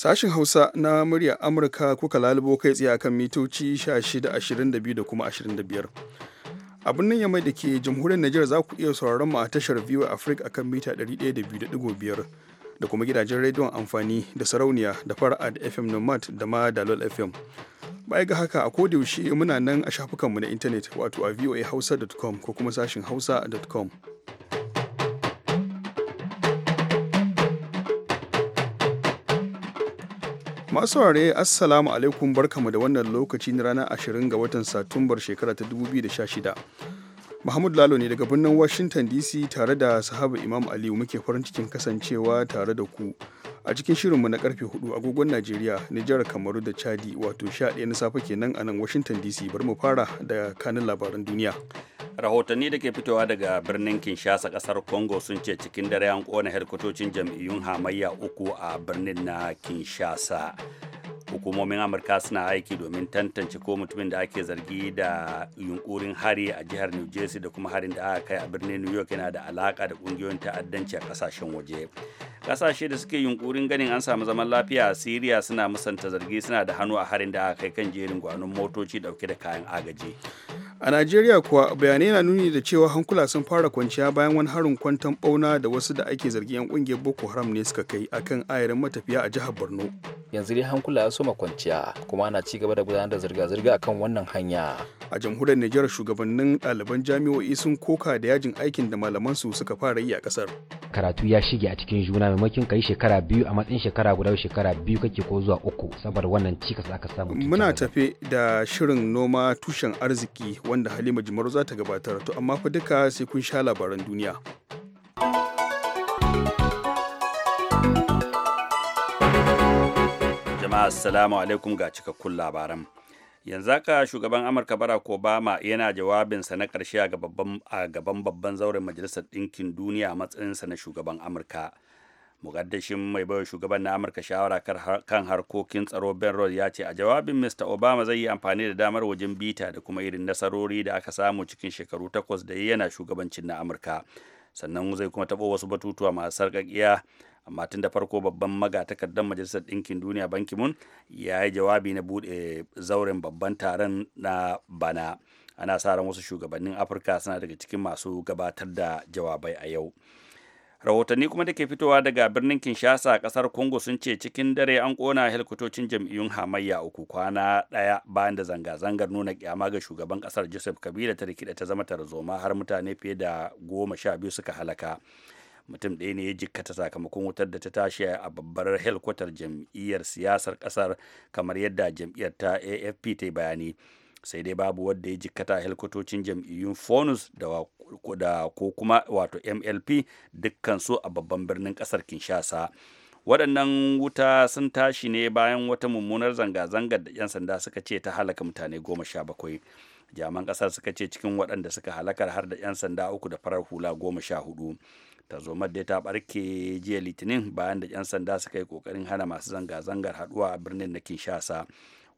Sashin Hausa na muryar Amurka kuka lalubo kai tsaye akan mitoci 16, da kuma 25. nan ya mai da ke jamhuriyar Nijar za ku iya sauraron mu a tashar Viewer Africa akan mita 102.5 da kuma gidajen rediyon amfani da sarauniya da fara'a da FM Nomad da ma Dalol FM. Baya ga haka a yaushe muna nan a shafukanmu na intanet wato a voahausa.com ko kuma sashin hausa.com. Masu ware Assalamu alaikum barkamu da wannan lokaci na ranar 20 ga watan Satumbar shekara ta 2016. Muhammadu Lalo ne daga birnin Washington DC tare da sahaba Imam Aliyu muke farin cikin kasancewa tare da ku a cikin shirinmu na karfe 4 agogon Najeriya, Nijar, Kamaru da Chadi wato 11 na safe kenan a nan Washington DC bari mu fara da kanin labaran duniya. rahotanni da ke fitowa daga birnin kinshasa kasar congo sun ce cikin dare an kona herkutocin jam'iyyun hamayya uku a birnin na kinshasa hukumomin amurka suna aiki domin tantance ko mutumin da ake zargi da yunkurin hari a jihar new jersey da kuma harin da aka kai a birnin new york yana da alaka da kungiyoyin ta'addanci a kasashen waje kasashe da suke yunkurin ganin an samu zaman lafiya a siriya suna musanta zargi suna da hannu a harin da aka kai kan jerin gwanon motoci dauke da kayan agaji a najeriya kuwa bayanai na nuni da cewa hankula sun fara kwanciya bayan wani harin kwantan bauna da wasu da ake zargi yan kungiyar boko haram ne suka kai akan ayarin matafiya a jihar borno yanzu dai hankula ya soma kwanciya kuma na ci gaba da gudanar da zirga-zirga akan wannan hanya a jamhuriyar nijar shugabannin ɗaliban jami'o'i sun koka da yajin aikin da malaman su suka fara yi a kasar karatu ya shige a cikin juna ka yi shekara biyu a matsayin shekara guda shekara biyu kake ko zuwa uku saboda wannan cikas aka samu muna tafe da shirin noma tushen arziki wanda halima jimaru za ta gabatar to amma fa duka sai kun sha labaran duniya jama'a assalamu alaikum ga cikakkun labaran yanzu haka shugaban amurka barack obama yana jawabinsa na karshe a gaban babban zauren majalisar ɗinkin duniya a matsayinsa na shugaban amurka mugaddashin mai bayar shugaban na amurka shawara kan harkokin tsaro ben rhodes ya ce a jawabin mr obama zai yi amfani da damar wajen bita da kuma irin nasarori da aka samu cikin shekaru takwas da yana shugabancin na amurka sannan zai kuma taɓo wasu batutuwa masu sarƙaƙiya amma tun da farko babban magatakardar majalisar ɗinkin duniya banki mun ya yi jawabi na buɗe zauren babban taron na bana ana sa ran wasu shugabannin afirka suna daga cikin masu gabatar da jawabai a yau rahotanni kuma da ke fitowa daga birnin kinshasa kasar congo sun ce cikin dare an kona helikotocin jam'iyyun hamayya uku kwana daya bayan da zanga-zangar nuna kyama ga shugaban kasar joseph kabila ta rikida ta zama tarzoma har mutane fiye da goma sha biyu suka halaka mutum ɗaya ne ya jikkata sakamakon wutar da ta tashi a babbar helikwatar jam'iyyar siyasar kasar kamar yadda jam'iyyar ta afp ta yi bayani sai dai babu wadda ya jikkata helkwatocin jam'iyyun fonus da ko kuma wato mlp dukkansu a babban birnin kasar kinshasa waɗannan wuta sun tashi ne bayan wata mummunar zanga-zangar da 'yan sanda suka ce ta halaka mutane goma sha bakwai jaman ƙasar suka ce cikin waɗanda suka halakar har da 'yan sanda uku da farar hula goma sha hudu zo dai ta barke jiya litinin bayan da 'yan sanda suka yi kokarin hana masu zanga-zangar haɗuwa a birnin na kinshasa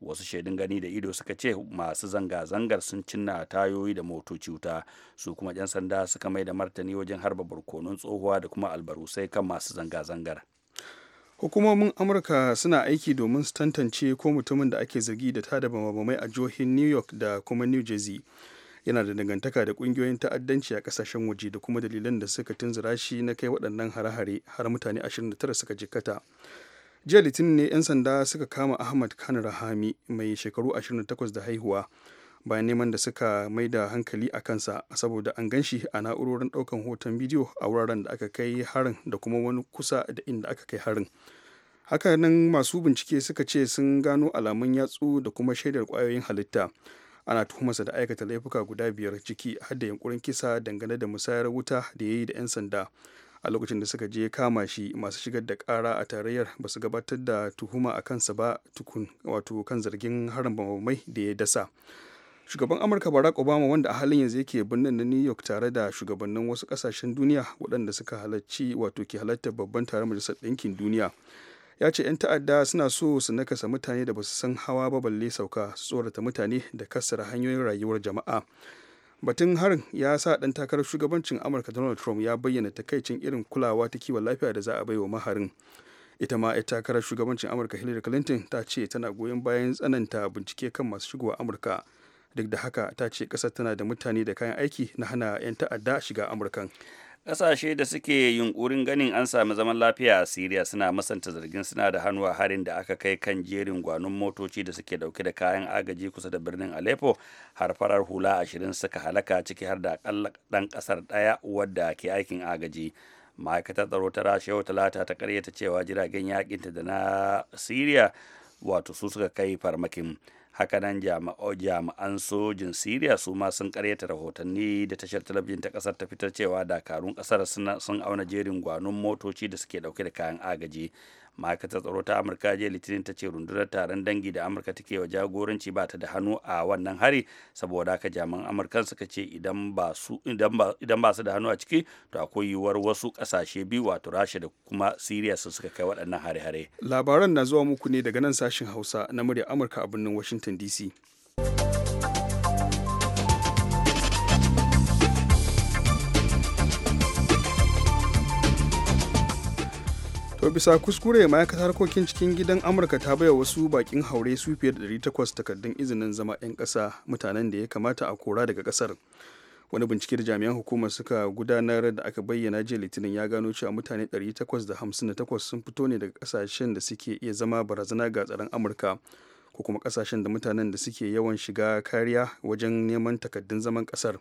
wasu shaidun gani da ido suka ce masu zanga-zangar sun cinna tayoyi da motoci wuta su kuma 'yan sanda suka mai da martani wajen harba barkonon tsohuwa da kuma albarusai kan masu zanga-zangar hukumomin amurka suna aiki domin su tantance ko mutumin da ake zargi da tada bamabamai a jihohin new york da kuma new jersey yana da dangantaka da kungiyoyin ta'addanci a kasashen waje da kuma dalilan da suka tunzura shi na kai waɗannan hare-hare har mutane 29 suka jikkata jiya litinin ne 'yan sanda suka kama ahmad kan rahami mai shekaru 28 da haihuwa bayan neman da suka mai da hankali a kansa saboda an ganshi a na'urorin daukan hoton bidiyo a wuraren da aka kai harin da kuma wani kusa da inda aka kai harin hakanan masu bincike suka ce sun gano alamun yatsu da kuma shaidar kwayoyin halitta ana tuhumarsa da aikata laifuka guda biyar ciki har da yankurin kisa dangane da musayar wuta da ya yi da 'yan sanda a lokacin da suka je kama shi masu shigar da kara a tarayyar ba su gabatar da tuhuma a kansa ba tukun wato kan zargin harin bamamai da ya dasa shugaban amurka barack obama wanda a halin yanzu yake birnin na new york tare da shugabannin wasu kasashen duniya waɗanda suka halarci wato ke halartar babban taron majalisar ɗinkin duniya ya ce 'yan ta'adda suna so su nakasa mutane da ba su san hawa ba balle sauka su tsorata mutane da kassara hanyoyin rayuwar jama'a batun harin ya sa ɗan takarar shugabancin amurka donald trump ya bayyana takaicin irin kulawa ta kiwon lafiya da za a baiwa maharin ita ma ita takarar shugabancin amurka hillary clinton ta ce tana goyon bayan tsananta bincike kan masu shigowa amurka duk da haka ta ce ƙasar tana da mutane da kayan aiki na hana 'yan ta'adda shiga amurkan Ƙasashe da suke yunkurin ganin an sami zaman lafiya a Siriya suna masanta zargin suna da hannu a harin da aka kai kan jerin gwanon motoci da suke dauke da kayan agaji kusa da birnin Aleppo har farar hula ashirin suka halaka ciki har da akalla ɗan ƙasar ɗaya wadda ke aikin agaji. Ma'aikatar tsaro ta rasha yau talata ta karyata cewa jiragen yakinta da na Siriya wato su suka kai farmakin. haka nan jami'an sojin siriya su ma sun karyata rahotanni da tashar talabijin ta kasar ta fitar cewa dakarun kasar sun auna jerin gwanon motoci da suke dauke da kayan agaji ma'aikatar tsaro ta amurka jiya litinin ta ce rundunar taron dangi da amurka take wa jagoranci ba ta da hannu a wannan hari saboda haka jaman amurkan suka ce idan ba su da hannu a ciki to akwai yiwuwar wasu kasashe biyu wato rasha da kuma siriya su suka kai waɗannan hare-hare labaran na zuwa muku ne daga nan sashin hausa na murya amurka a birnin washington dc to bisa kuskure ma'aikatar harkokin cikin gidan amurka ta baiwa wasu bakin haure su fiye da 800 takardun izinin zama 'yan ƙasa mutanen da ya kamata a kora daga kasar wani bincike da jami'an hukumar suka gudanar da aka bayyana jiya litinin ya gano cewa mutane 858 sun fito ne daga kasashen da suke iya zama barazana ga tsaron amurka ko kuma kasashen da mutanen da suke yawan shiga kariya wajen neman takardun zaman kasar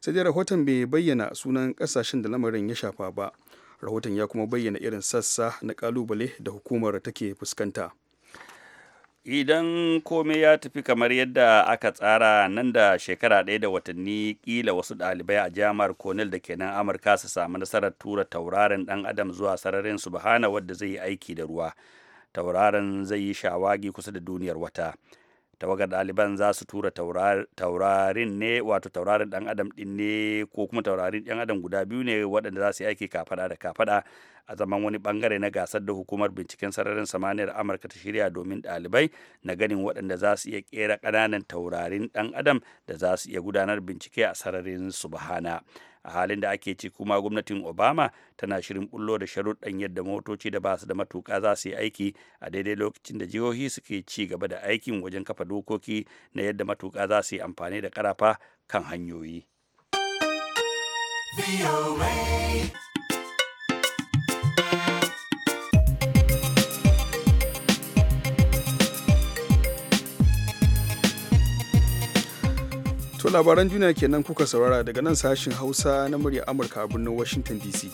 sai dai rahoton bai bayyana sunan kasashen da lamarin ya shafa ba rahoton ya kuma bayyana irin sassa na kalubale da hukumar take fuskanta idan komai ya tafi kamar yadda aka tsara nan da shekara ɗaya da watanni ƙila wasu ɗalibai a jami'ar cornell da ke nan amurka su samu nasarar tura tauraron ɗan adam zuwa sararin subhana wadda zai yi aiki da ruwa tauraron zai yi shawagi kusa da duniyar wata tawagar ɗaliban za su tura taurarin ne wato taurarin ɗan adam ɗin ne ko kuma taurarin ɗan adam guda biyu ne waɗanda za su yi aiki kafaɗa da kafaɗa a zaman wani bangare na gasar da hukumar binciken sararin samaniyar amurka ta shirya domin dalibai na ganin waɗanda za su iya kera ƙananan taurarin ɗan adam da za su iya gudanar bincike a sararin subhana a halin da ake ci kuma gwamnatin obama tana shirin bullo da sharuɗan yadda motoci da basu da matuka za su yi aiki a daidai lokacin da jihohi suke ci gaba da aikin wajen kafa dokoki na yadda matuka za su yi amfani da karafa kan hanyoyi. To labaran duniya kenan kuka saurara daga nan sashin Hausa na murya Amurka a birnin Washington DC.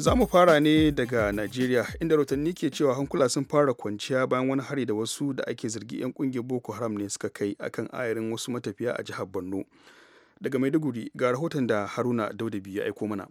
za mu fara ne daga Najeriya inda rahotanni ke cewa hankula sun fara kwanciya bayan wani hari da wasu da ake zargi 'yan kungiyar Boko Haram ne suka kai akan ayarin wasu matafiya a jihar Borno. Daga Maiduguri ga rahoton da Haruna Daudabi ya aiko mana.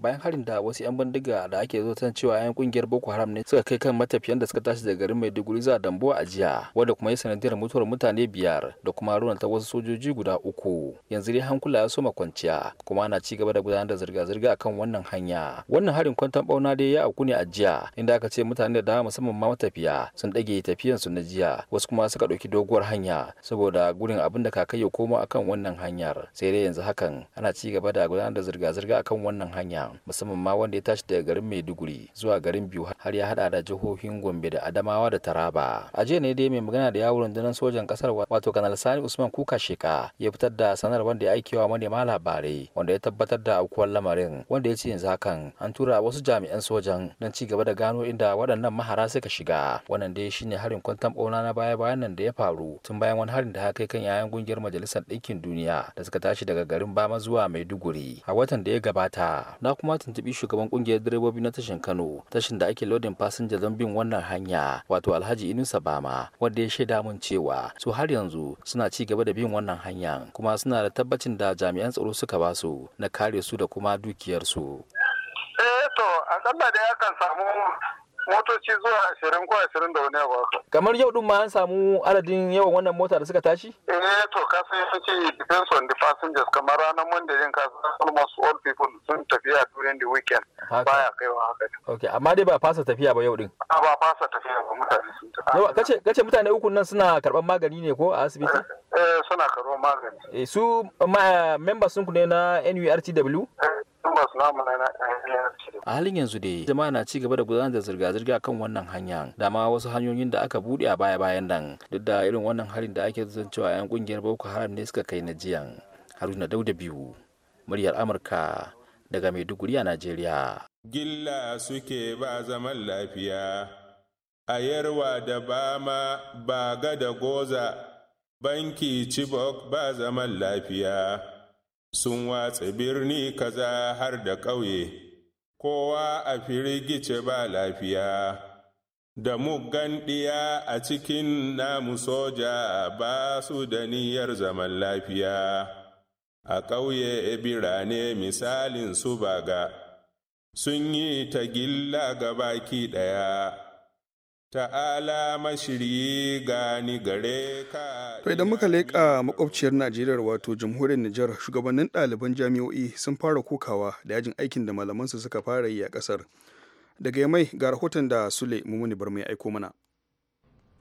bayan harin da wasu 'yan bindiga da ake ta cewa 'yan kungiyar boko haram ne suka kai kan matafiyan da suka tashi daga garin maiduguri zuwa dambo a jiya wanda kuma ya sanadiyar mutuwar mutane biyar da kuma ta wasu sojoji guda uku yanzu dai hankula ya soma kwanciya kuma ana ci gaba da gudanar da zirga-zirga akan wannan hanya wannan harin kwantan bauna dai ya auku ne a jiya inda aka ce mutane da dama musamman ma matafiya sun dage tafiyan su na jiya wasu kuma suka dauki doguwar hanya saboda gurin abin da kakai ya koma akan wannan hanyar sai dai yanzu hakan ana ci gaba da gudanar da zirga-zirga akan wannan hanya Najeriya musamman ma wanda ya tashi daga garin Maiduguri zuwa garin biyu har ya hada da jihohin Gombe da Adamawa da Taraba. A jiya ne dai mai magana da yawon rundunar sojan kasar wato Kanal Sani Usman Kuka Sheka ya fitar da sanar wanda ya aikewa ma labarai wanda ya tabbatar da aukuwar lamarin wanda ya ce yanzu hakan an tura wasu jami'an sojan don ci gaba da gano inda waɗannan mahara suka shiga. Wannan dai shine harin kwantan ɓauna na baya-bayan nan da ya faru tun bayan wani harin da haka kan yayan gungiyar Majalisar Ɗinkin Duniya da suka tashi daga garin Bama zuwa Maiduguri a watan da ya gabata. Na kuma tuntubi shugaban kungiyar direbobi na tashin Kano tashin da ake lodin fasinja don bin wannan hanya wato Alhaji Inusa Bama wanda ya shaida mun cewa su har yanzu suna ci gaba da bin wannan hanya kuma suna da tabbacin da jami'an tsaro suka ba su na kare su da kuma dukiyar su. Eh to akalla da kan samu motoci zuwa ashirin ko ashirin da wani abu haka. Kamar yau din ma an samu adadin yawan wannan mota da suka tashi? Eh to ka san ce depends on the passengers kamar ranar Monday din ka san almost all people sun tafiya during the weekend. Baya kaiwa haka. Okay amma dai ba fasa tafiya ba yau din. A ba fasa tafiya ba mutane sun tafi. Kace kace mutane uku nan suna karban magani ne ko a asibiti? Eh suna karban magani. Eh su members sun ku ne na NURTW? Eh, a halin yanzu dai jama'a na ci gaba da gudanar da zirga-zirga kan wannan hanya da ma wasu hanyoyin da aka buɗe a baya-bayan nan duk da irin wannan harin da ake zan cewa 'yan kungiyar boko haram ne suka kai na jiyan haruna dauda biyu muryar amurka daga maiduguri a najeriya gilla suke ba zaman lafiya a yarwa da ba ma, ba ga da goza banki chibok ba zaman lafiya sun watsa birni kaza har da ƙauye, kowa a firgice ba lafiya, da muggan ɗiya a cikin namu soja ba su da niyyar zaman lafiya, a ƙauye birane misalin su baga, sun yi ta gilla ga baki ɗaya. ta'ala mashiri gani gare ka to idan muka leƙa makwabciyar najeriya wato jamhuriyar nijar shugabannin ɗaliban jami'o'i sun fara kokawa da yajin aikin da malamansu suka fara yi a kasar daga mai ga rahoton da sule mumuni bar mai aiko mana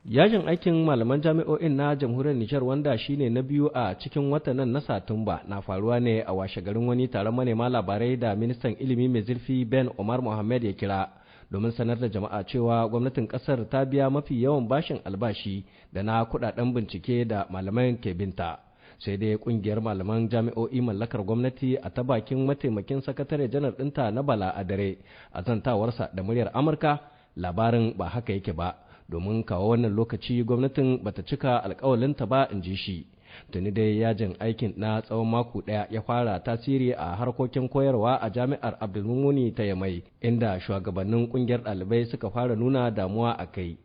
yajin aikin malaman jami'o'in na jamhuriyar nijar wanda shine na biyu a cikin watanan na satumba na faruwa ne a washe garin wani taron manema labarai da ministan ilimi mai zurfi ben omar mohammed ya kira domin sanar da jama'a cewa gwamnatin kasar ta biya mafi yawan bashin albashi da na kudaden bincike da malaman ke binta sai dai kungiyar malaman jami'o'i mallakar gwamnati a ta bakin mataimakin sakatare janar dinta na bala a dare a zantawarsa da muryar amurka labarin ba haka yake ba domin kawo wannan lokaci gwamnatin bata cika alkawalinta ba in ji shi tuni dai yajin aikin na tsawon mako daya ya fara tasiri a harkokin koyarwa a jami'ar abdulmumuni ta yamai inda shugabannin kungiyar ɗalibai suka fara nuna damuwa a kai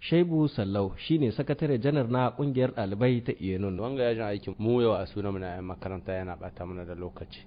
shaibu sallau shine sakatare janar na kungiyar ɗalibai ta iyanun wanga yajin aikin mu yau a sunan na makaranta yana bata mana da lokaci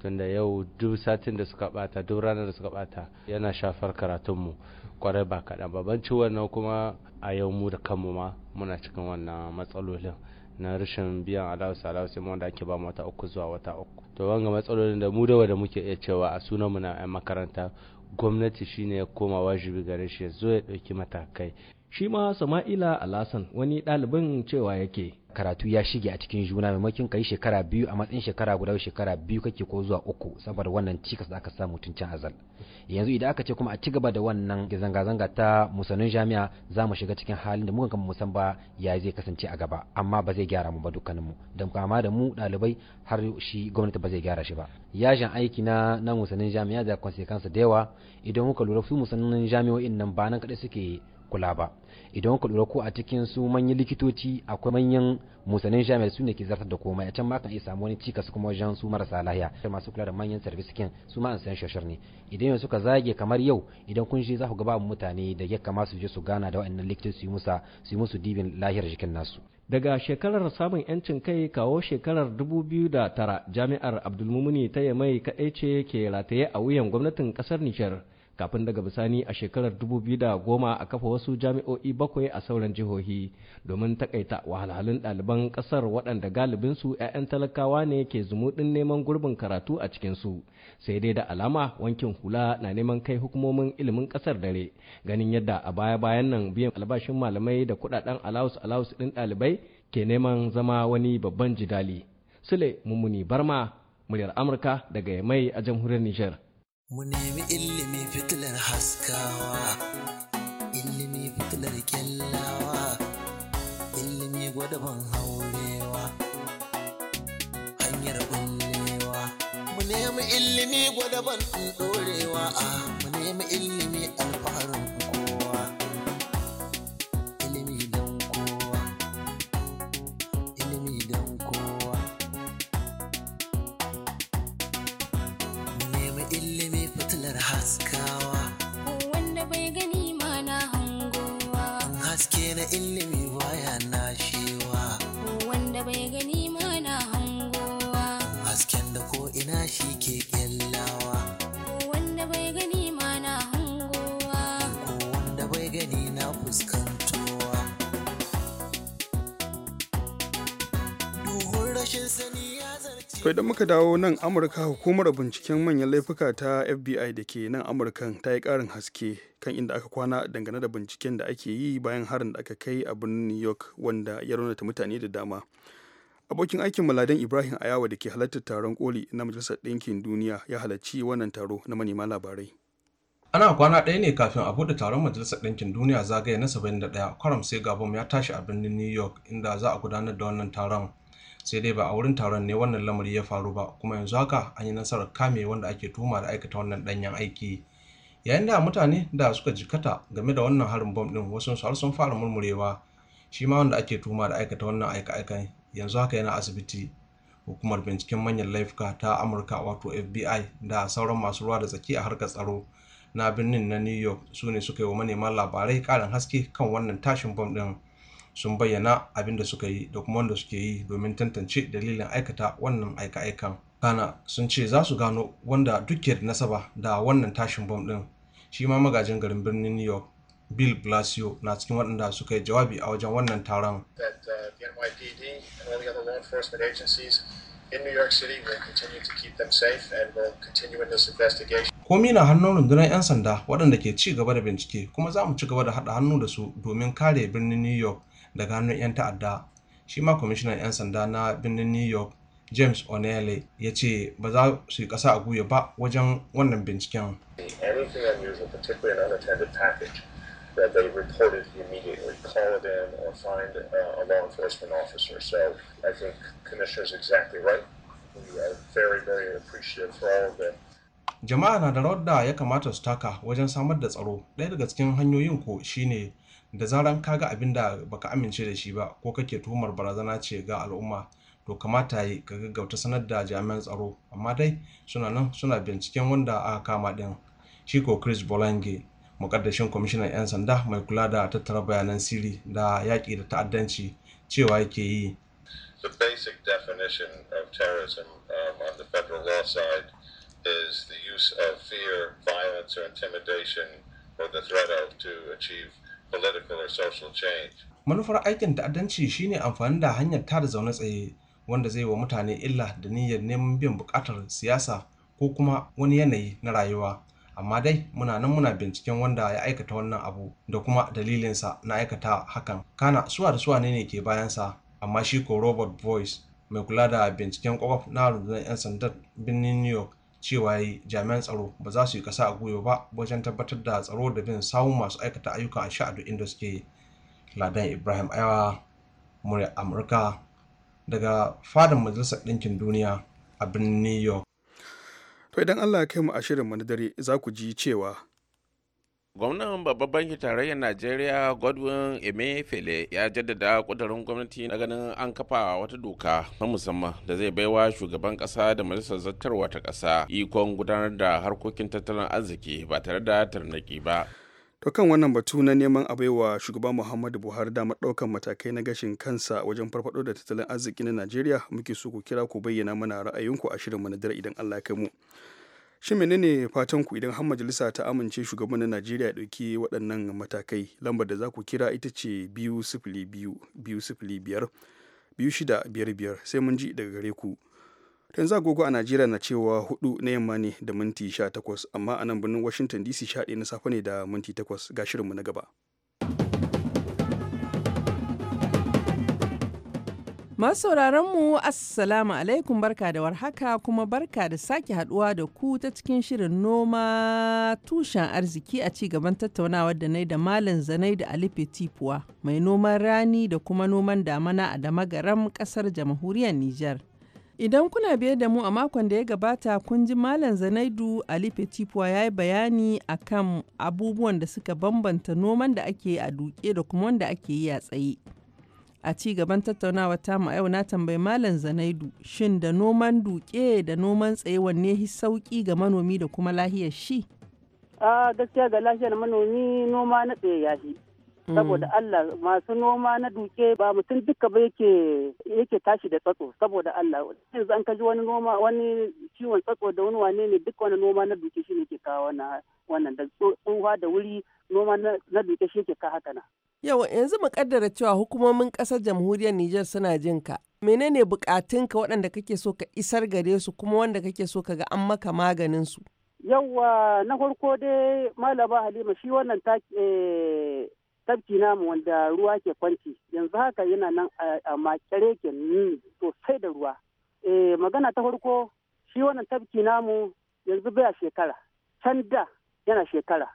tunda yau duk satin da suka bata duk ranar da suka bata yana shafar karatunmu kwarai ba kaɗan ciwon na kuma a yau mu da kanmu ma muna cikin wannan matsalolin na rashin biyan alawus alawus wanda ake ba wata uku zuwa wata uku to wanga matsalolin da mu da muke iya cewa a mu na 'yan makaranta gwamnati shine ya koma wajibi gare shi ya zo ya ɗauki matakai shi ma sama'ila alasan wani ɗalibin cewa yake karatu ya shige a cikin juna maimakon kai shekara biyu a matsayin shekara guda shekara biyu kake ko zuwa uku saboda wannan cikas da aka samu tun can azal yanzu idan aka ce kuma a ci gaba da wannan zanga-zanga ta musanin jami'a za mu shiga cikin halin da muka kama musan ba ya zai kasance a gaba amma ba zai gyara mu ba dukkanin mu da kama da mu ɗalibai har shi gwamnati ba zai gyara shi ba yajin aiki na na musanin jami'a da kansa da yawa idan muka lura su musanin jami'o'in nan ba nan kaɗai suke kula ba idan ka lura ko a cikin su manyan likitoci akwai manyan musanin jami'ar su ne ke zartar da komai a can ma kan iya samu wani cikas kuma wajen su marasa lahiya masu kula da manyan service kin su ma an san shashar ne idan yanzu suka zage kamar yau idan kun je za ku ga babu mutane da ya kama su je su gana da waɗannan likitoci su yi musa su yi musu dibin lahiyar jikin nasu daga shekarar samun 'yancin kai kawo shekarar dubu biyu da tara jami'ar abdulmumuni ta yamai kaɗai ce ke rataye a wuyan gwamnatin ƙasar nijar kafin daga bisani a shekarar dubu biyu da goma a kafa wasu jami'o'i bakwai a sauran jihohi domin takaita wahalhalun ɗaliban ƙasar waɗanda galibinsu 'ya'yan talakawa ne ke zumuɗin neman gurbin karatu a cikinsu sai dai da alama wankin hula na neman kai hukumomin ilimin ƙasar dare ganin yadda a baya-bayan nan biyan albashin malamai da kuɗaɗen alaus alaus ɗin ɗalibai ke neman zama wani babban jidali sule mummuni barma muryar amurka daga mai a jamhuriyar nijar. Mu nemi ilimi fitilar haskawa, ilimi fitilar kyallawa, ilimi gwada ban haurewa, hanyar bullewa. Mu nemi ilimi gwada ban ɗorewa, ah, mu nemi ilimi alfaharin idan muka dawo nan amurka hukumar binciken manyan laifuka ta fbi da ke nan amurka ta yi karin haske kan inda aka kwana dangane da binciken da ake yi bayan harin da aka kai a birnin new york wanda ya raunata mutane da dama abokin aikin maladen ibrahim ayawa da ke halartar taron koli na majalisar ɗinkin duniya ya halarci wannan taro na manema labarai ana kwana ɗaya ne kafin a buɗe taron majalisar ɗinkin duniya zagaye na 71 kwaram sai gabon ya tashi a birnin new york inda za a gudanar da wannan taron sai dai ba a wurin taron ne wannan lamari ya faru ba kuma yanzu haka an yi nasarar kame wanda ake tuma da aikata wannan danyen aiki yayin da mutane da suka jikata game da wannan harin bom din wasu har sun fara murmurewa shi ma wanda ake tuma da aikata wannan aika-aikan yanzu haka yana asibiti hukumar binciken manyan laifuka ta amurka wato fbi da sauran masu ruwa da tsaki a harkar tsaro na birnin na new york su ne suka yi wa manema labarai karin haske kan wannan tashin bom din sun bayyana abin da suka yi da kuma wanda suke yi domin tantance dalilin aikata wannan aika-aikan kana sun ce za su gano wanda duke da nasaba da wannan tashin bom ɗin. shi ma magajin garin birnin new york bill blasio na cikin waɗanda suka yi jawabi a wajen wannan taron uh, komi na hannun rundunar 'yan sanda waɗanda ke ci gaba da bincike kuma za mu ci gaba da haɗa hannu da su domin kare birnin new york daga hannun 'yan ta'adda shi ma kwamishinan 'yan sanda na birnin new york james o'neil ya ce ba za su yi ƙasa a guya ba wajen wannan binciken uh, Jama'a na da rawar da ya kamata su taka wajen samar da tsaro. Ɗaya daga cikin hanyoyin ko shine da zaran baka amince da shi ba ko kake barazana ce ga al'umma to kamata yi ka gaggauta sanar da jami'an tsaro amma dai suna nan suna binciken wanda aka kama din shi ko chris bolange mukaddashin kwamishinan 'yan sanda mai kula da tattara bayanan sirri da yaƙi da ta'addanci cewa yake yi The basic definition of terrorism um, on the federal law side is the use of fear, violence, or intimidation or the threat of to achieve political and social change. Manufar aikin ta'addanci shine amfani da hanyar tada zaune tsaye wanda zai wa mutane illa da niyyar neman biyan bukatar siyasa ko kuma wani yanayi na rayuwa. Amma dai muna nan muna binciken wanda ya aikata wannan abu da kuma dalilinsa na aikata hakan. Kana suwa da suwa ne ke bayansa amma shi ko Robert Boyce mai kula da binciken kwakwaf na rundunar 'yan sandan birnin New York cewa jami'an tsaro ba za su yi kasa a gwiwa ba wajen tabbatar da tsaro da bin sawun masu aikata ayyuka ayyukan sha'adu inda suke ladan ibrahim aiwa murya amurka daga fadin majalisar ɗinkin duniya a birnin new york to idan allah ya kai mu a shirin mu na dare za ku ji cewa gwamnan babban bankin tarayyar najeriya godwin emefele ya jaddada kudurin gwamnati na ganin an kafa wata doka na musamman da zai baiwa shugaban kasa da majalisar zartarwa ta kasa ikon gudanar da harkokin tattalin arziki ba tare da tarnaki ba to kan wannan batu na neman a baiwa shugaban muhammadu buhari damar ɗaukan matakai na gashin kansa wajen farfado da tattalin arziki na najeriya muke so ku kira ku bayyana mana ra'ayinku a mu na idan allah ya kai mu Shin menene fatan ku idan har majalisa ta amince shugabannin Najeriya ya ɗauki waɗannan matakai lambar da za ku kira ita ce biyu sifili biyu biyu sifili biyar biyu shida biyar biyar sai mun ji daga gare ku. yanzu agogo a Najeriya na cewa hudu na yamma ne da minti sha takwas amma a nan birnin Washington DC sha na safe ne da minti takwas ga shirinmu na gaba. Masu mu Assalamu alaikum barka da warhaka kuma barka da sake haduwa da ku ta cikin shirin noma tushen arziki a ci gaban tattaunawar da nai da Malam Zanai da Alife Tipuwa mai noman rani da kuma noman damana a damagaram kasar jamhuriyar Nijar. Idan kuna biye da mu a makon da ya gabata kun ji Malam Zanaidu Ali Tipuwa ya yi bayani akan abubuwan da suka bambanta noman da ake a duke da kuma wanda ake yi a tsaye. a ci gaban tattaunawa a yau na tambayi malam zanaidu shin da noman duke da noman tsaye wanne hi sauki ga manomi da kuma lahiyar shi a gaskiya ga lahiyar manomi noma na tsaye ya shi mm. saboda Allah masu noma na duke ba mutum duka ba yake yake tashi da tsatso saboda Allah yanzu an kaji wani noma wani ciwon tsatso da wani wane ne duk wani noma na duke shi ne ke kawo wannan wannan da tsohuwa da wuri noma na duke shi ke kawo haka na yau yanzu mu kaddara cewa hukumomin ƙasar jamhuriyar Nijar suna jin ka. Menene bukatunka waɗanda kake so ka isar gare su kuma wanda kake so ka ga an maka maganin su? Yawwa na farko dai Malama Halima shi wannan eh, tafki namu wanda ruwa ke kwanci yanzu haka yana nan a makare ke sosai da ruwa. Eh, magana ta farko shi wannan tafki namu yanzu baya shekara can da yana shekara.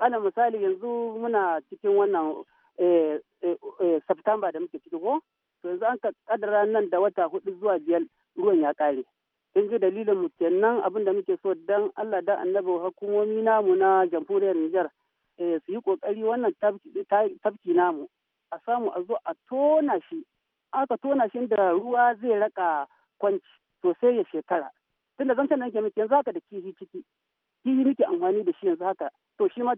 Ana misali yanzu muna cikin wannan Eh, eh, eh, September da muke ciki ko to yanzu an kadara nan da wata hudu zuwa biyar ruwan ya kare kin ji dalilin mu kenan abin da muke so dan Allah da annabi hukumomi namu na jamhuriyar Nijar su yi kokari wannan tafki namu a samu a zo a tona shi aka tona shi da ruwa zai raka kwanci sosai ya shekara tunda zancen nan ke muke yanzu haka da kihi ciki kihi muke amfani da shi yanzu haka to shi ma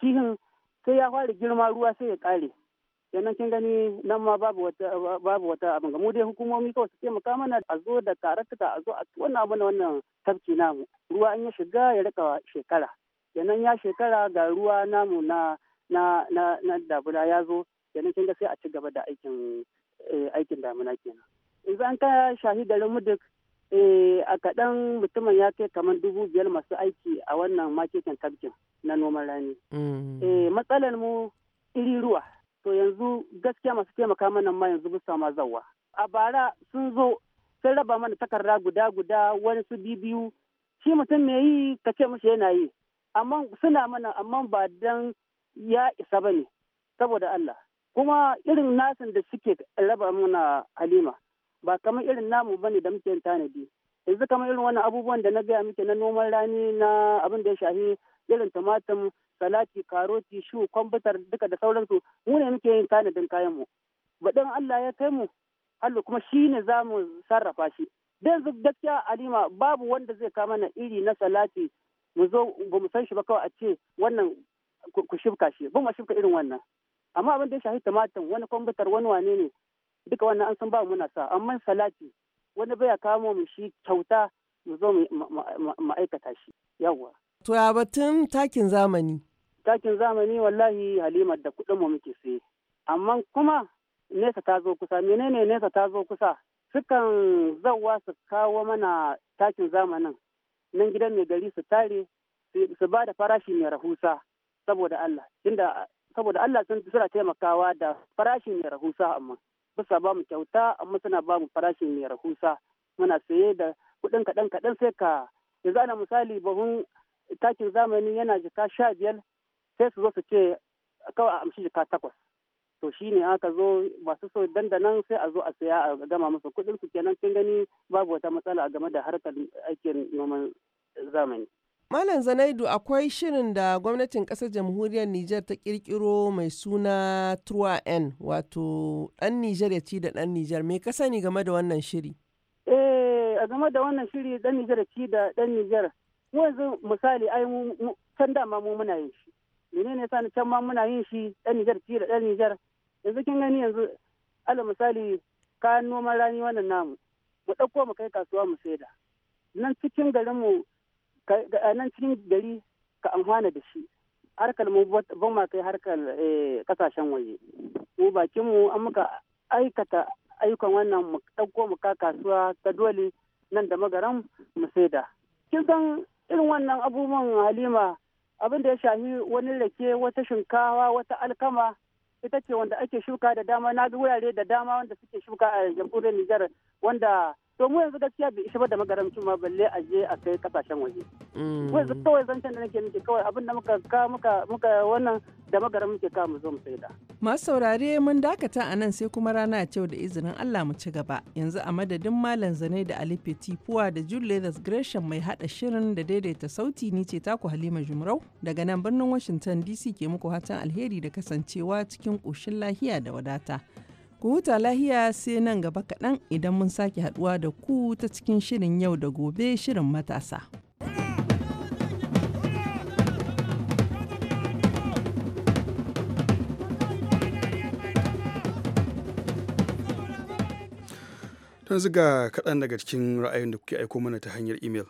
kihin sai ya fara girma ruwa sai ya kare kenan kin gani nan ma babu wata babu wata abin ga mu dai hukumomi kawai su taimaka mana a zo da karatuka a zo a wannan abin wannan tafki namu ruwa an ya shiga ya rika shekara kenan ya shekara ga ruwa namu na na na na dabura ya zo kenan kin ga sai a ci gaba da aikin eh, aikin damuna kenan yanzu an ka shahi garin duk eh a kaɗan mutumin ya kai kamar dubu biyar masu aiki a wannan maketin kabjin na noman rani mm. eh matsalar mu iri ruwa to yanzu gaskiya masu taimaka mana ma yanzu bisa ma zawa a bara sun zo sun raba mana takarda guda guda wani su biyu shi mutum mai yi ka ce mishi yana yi amma suna mana amma ba dan ya isa ba ne saboda Allah kuma irin nasin da suke raba mana halima ba kamar irin namu bane da muke tanadi yanzu kamar irin wani abubuwan da na gaya muke na noman rani na abin da ya shafi irin tumatir salati karoti shu kwamfutar duka da sauransu mu ne muke yin tanadin kayan mu baɗin Allah ya kai mu Allah kuma shi ne za mu sarrafa shi da yanzu gaskiya alima babu wanda zai kama na iri na salati mu zo ba mu san shi ba kawai a ce wannan ku shifka shi ba mu shifka irin wannan amma abin da ya shafi tumatir wani kwamfutar wani wane ne duka wannan an san ba muna sa amma salati wani baya kamo mu shi kyauta mu zo mu aikata shi yawwa to ya batun takin zamani takin zamani wallahi halima da kuɗin mu muke sai amma kuma nesa ta zo kusa menene nesa ta zo kusa sukan zawa su kawo mana takin zamanin nan gidan mai gari su tare su ba da farashi mai rahusa saboda Allah tunda saboda Allah sun suna taimakawa da farashi mai rahusa amma bisa ba mu kyauta amma suna ba mu farashin mai rahusa muna saye da kuɗin kaɗan kaɗan sai ka zana zana misali buhun takin zamani yana jika sha biyar sai su zo su ce kawai a amshi jika takwas to shi ne aka zo masu so dandanan sai a zo a saya a gama musu kuɗin su kenan kin gani babu wata matsala a game da harkar aikin noman zamani. Malam Zanaidu akwai shirin da gwamnatin ƙasar jamhuriyar Nijar ta ƙirƙiro mai suna 3N wato ɗan Nijar ya ci da ɗan Nijar. Me ka sani game da wannan shiri? Eh, a game da wannan shiri ɗan Nijar ya ci da ɗan Nijar. Yanzu misali ai can dama mu muna yin shi. Menene sani can ma muna yin shi ɗan Nijar ci da ɗan Nijar. Yanzu kin gani yanzu ala misali kayan noman rani wannan namu. Mu ɗauko mu kai kasuwa mu saida. Nan cikin garinmu a nan cikin gari ka amfana da shi harkar mu ban ma kai harkar eh, kasashen waje mu bakin mu an muka aikata ayyukan wannan mu ɗauko mu ka kasuwa ta dole nan da magaran mu saida kin san irin wannan abubuwan halima abin da ya shafi wani rake wata shinkawa wata alkama ita ce wanda ake shuka da dama na bi wurare da dama wanda suke shuka a jamhuriyar Nijar wanda to mu yanzu gaskiya bai isa ba da magaramci ma balle a je a kai kasashen waje mu mm. yanzu kawai zancen da nake nake kawai abin da muka ka muka muka wannan da magaran muke ka mu zo mu saida masu saurare mun dakata a nan sai kuma rana a da izinin Allah mu ci gaba yanzu a madadin malam zane da Ali Fetipuwa da Julius Gresham mai hada shirin da daidaita sauti ni ce taku Halima Jumrau daga nan birnin Washington DC ke muku hatan alheri da kasancewa cikin koshin lahiya da wadata. Ku huta lahiya sai nan gaba kaɗan idan mun sake haɗuwa da ku ta cikin shirin yau da gobe shirin matasa. Yanzu ga kaɗan daga cikin ra'ayin da kuke aiko mana ta hanyar imel.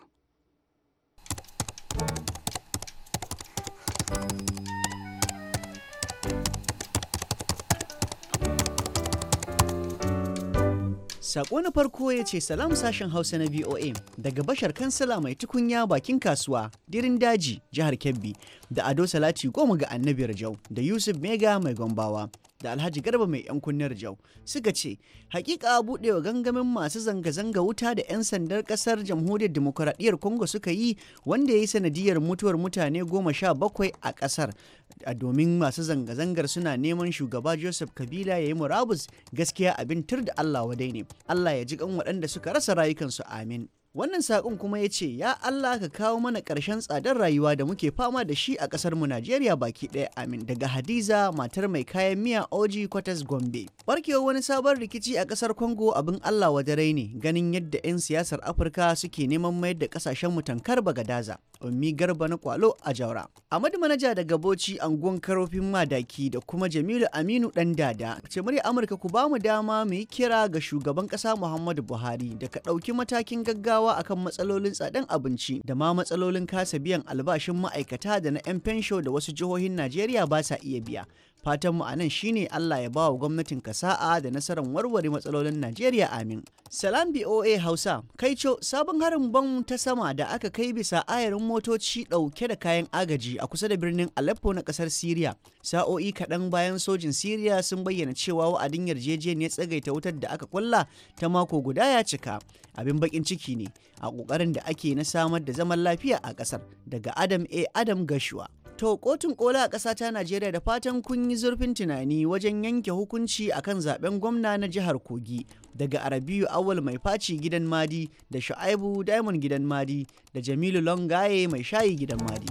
Sako na farko ya ce salam sashen Hausa na VOA daga bashar kansila mai tukunya bakin kasuwa dirin daji jihar Kebbi da Ado Salati goma ga annabi Rajau da Yusuf Mega mai gombawa da Alhaji Garba mai yan kunnar Rajau suka ce hakika buɗewa gangamin masu zanga-zanga wuta da 'yan sandar ƙasar jamhuriyar demokuraɗiyyar Congo suka yi wanda ya yi sanadiyar mutuwar mutane goma sha bakwai a ƙasar a domin masu zanga-zangar suna neman shugaba joseph kabila ya yi murabus gaskiya abin tur da allah wadai ne allah ya ji kan waɗanda suka rasa rayukansu amin wannan saƙon kuma ya ce ya allah ka kawo mana ƙarshen tsadar rayuwa da muke fama da shi a ƙasar mu najeriya baki ɗaya amin daga hadiza matar mai kayan miya oji kwatas gombe barkewar wani sabon rikici a ƙasar kongo abin allah wadarai ne ganin yadda 'yan siyasar afirka suke neman mayar da ƙasashen mu tankar bagadaza ummi garba na kwalo a jaura amadu manaja daga bauchi anguwan karofin madaki da kuma Jamilu Aminu dan dada. Ce murya Amurka ku bamu dama mu yi kira ga shugaban kasa Muhammadu Buhari da ka ɗauki matakin gaggawa akan matsalolin tsadan abinci da ma matsalolin kasa biyan albashin ma'aikata da na 'yan fensho da wasu jihohin Najeriya ba sa iya biya. fatanmu a nan shine Allah ya bawa gwamnatin kasa'a da nasarar warware matsalolin Najeriya amin. Salam BOA Hausa, kaico sabon harin ban ta sama da aka kai bisa ayarin motoci ɗauke da kayan agaji a kusa da birnin Aleppo na ƙasar Siriya. Sa'o'i kaɗan bayan sojin Siriya sun bayyana cewa wa'adin yarjejeniyar tsagaita wutar da aka kulla ta mako guda ya cika. Abin bakin ciki ne a ƙoƙarin da ake na samar da zaman lafiya a ƙasar daga Adam A. Adam gashua. To kotun kola a ƙasa ta Najeriya da fatan kun yi zurfin tunani wajen yanke hukunci a kan zaben gwamna na jihar Kogi daga Arabiyu Awal mai faci gidan Madi da Shu'aibu Diamond gidan Madi da Jamilu Longaye mai shayi gidan Madi.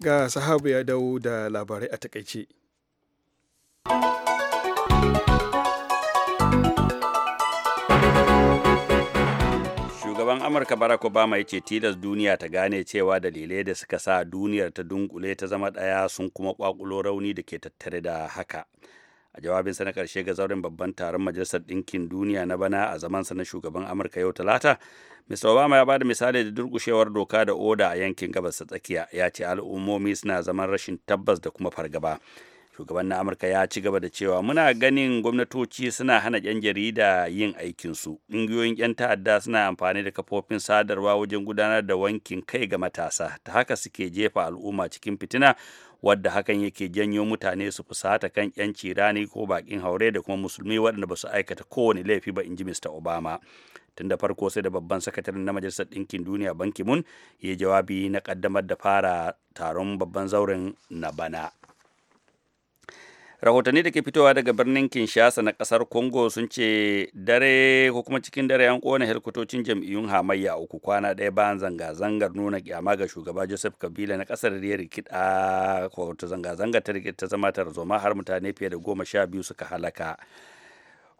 Ga sahabu ya dawo da labarai a takaice. shugaban amurka barack obama ya ce tilas duniya ta gane cewa dalilai da suka sa duniyar ta dunkule ta zama daya sun kuma kwakulo rauni da ke tattare da haka a jawabinsa na karshe ga zauren babban taron majalisar ɗinkin duniya na bana a zamansa na shugaban amurka yau talata mr obama ya bada misali da durkushewar doka da oda a yankin gabas ta tsakiya ya ce al'ummomi suna zaman rashin tabbas da kuma fargaba shugaban na amurka ya ci gaba da cewa muna ganin gwamnatoci suna hana 'yan jarida yin aikinsu ƙungiyoyin 'yan ta'adda suna amfani da kafofin sadarwa wajen gudanar da wankin kai ga matasa ta haka suke jefa al'umma cikin fitina wadda hakan yake janyo mutane su fusata kan 'yanci rani ko bakin haure da kuma musulmi waɗanda ba su aikata kowane laifi ba in ji mista obama tun da farko sai da babban sakataren na majalisar ɗinkin duniya banki mun ya jawabi na ƙaddamar da fara taron babban zauren na bana rahotanni da ke fitowa daga birnin kinshasa na kasar congo sun ce dare ko kuma cikin dare an kona halkotocin jam'iyyun hamayya uku kwana ɗaya bayan zanga-zangar nuna kyama ga shugaba joseph kabila na kasar da ya rikida ko zanga-zanga ta rikita zama tarzoma har mutane fiye da goma sha biyu suka halaka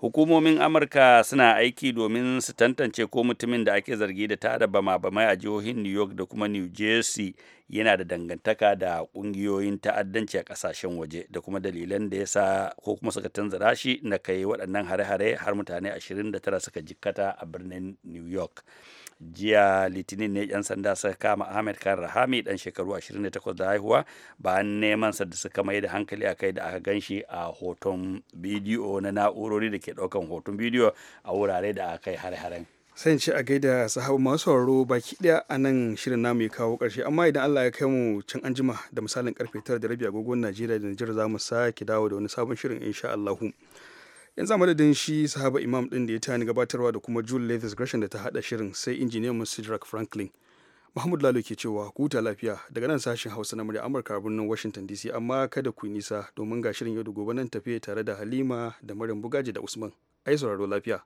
hukumomin amurka suna aiki domin su tantance ko mutumin da ake zargi da tada bama-bamai a jihohin new york da kuma new jersey yana da dangantaka da kungiyoyin ta'addanci a kasashen waje da kuma dalilan da ya sa ko kuma suka tanzara shi na kai waɗannan hare-hare har mutane 29 suka jikkata a birnin new york jiya litinin ne 'yan sanda suka kama ahmed kan rahami dan shekaru 28 da haihuwa bayan neman sa da suka mai da hankali a kai da aka ganshi a hoton bidiyo na na'urori da ke daukan hoton bidiyo a wurare da aka kai hare-haren sai ce a gaida sahabu masu sauraro baki daya a nan shirin namu ya kawo karshe amma idan Allah ya kai mu can anjima da misalin karfe 9 da rabi agogon Najeriya da Nijar za mu sake dawo da wani sabon shirin insha Allahu yanzu a madadin shi sahaba imam din da ya tani gabatarwa da kuma jule levis gresham da ta hada shirin sai injiniyan mu sidrak franklin mahmud lalo ke cewa huta lafiya daga nan sashen hausa na murya amurka birnin washington dc amma kada ku nisa domin ga shirin yau da gobe nan tafiye tare da halima da maryam bugaji da usman ai sauraro lafiya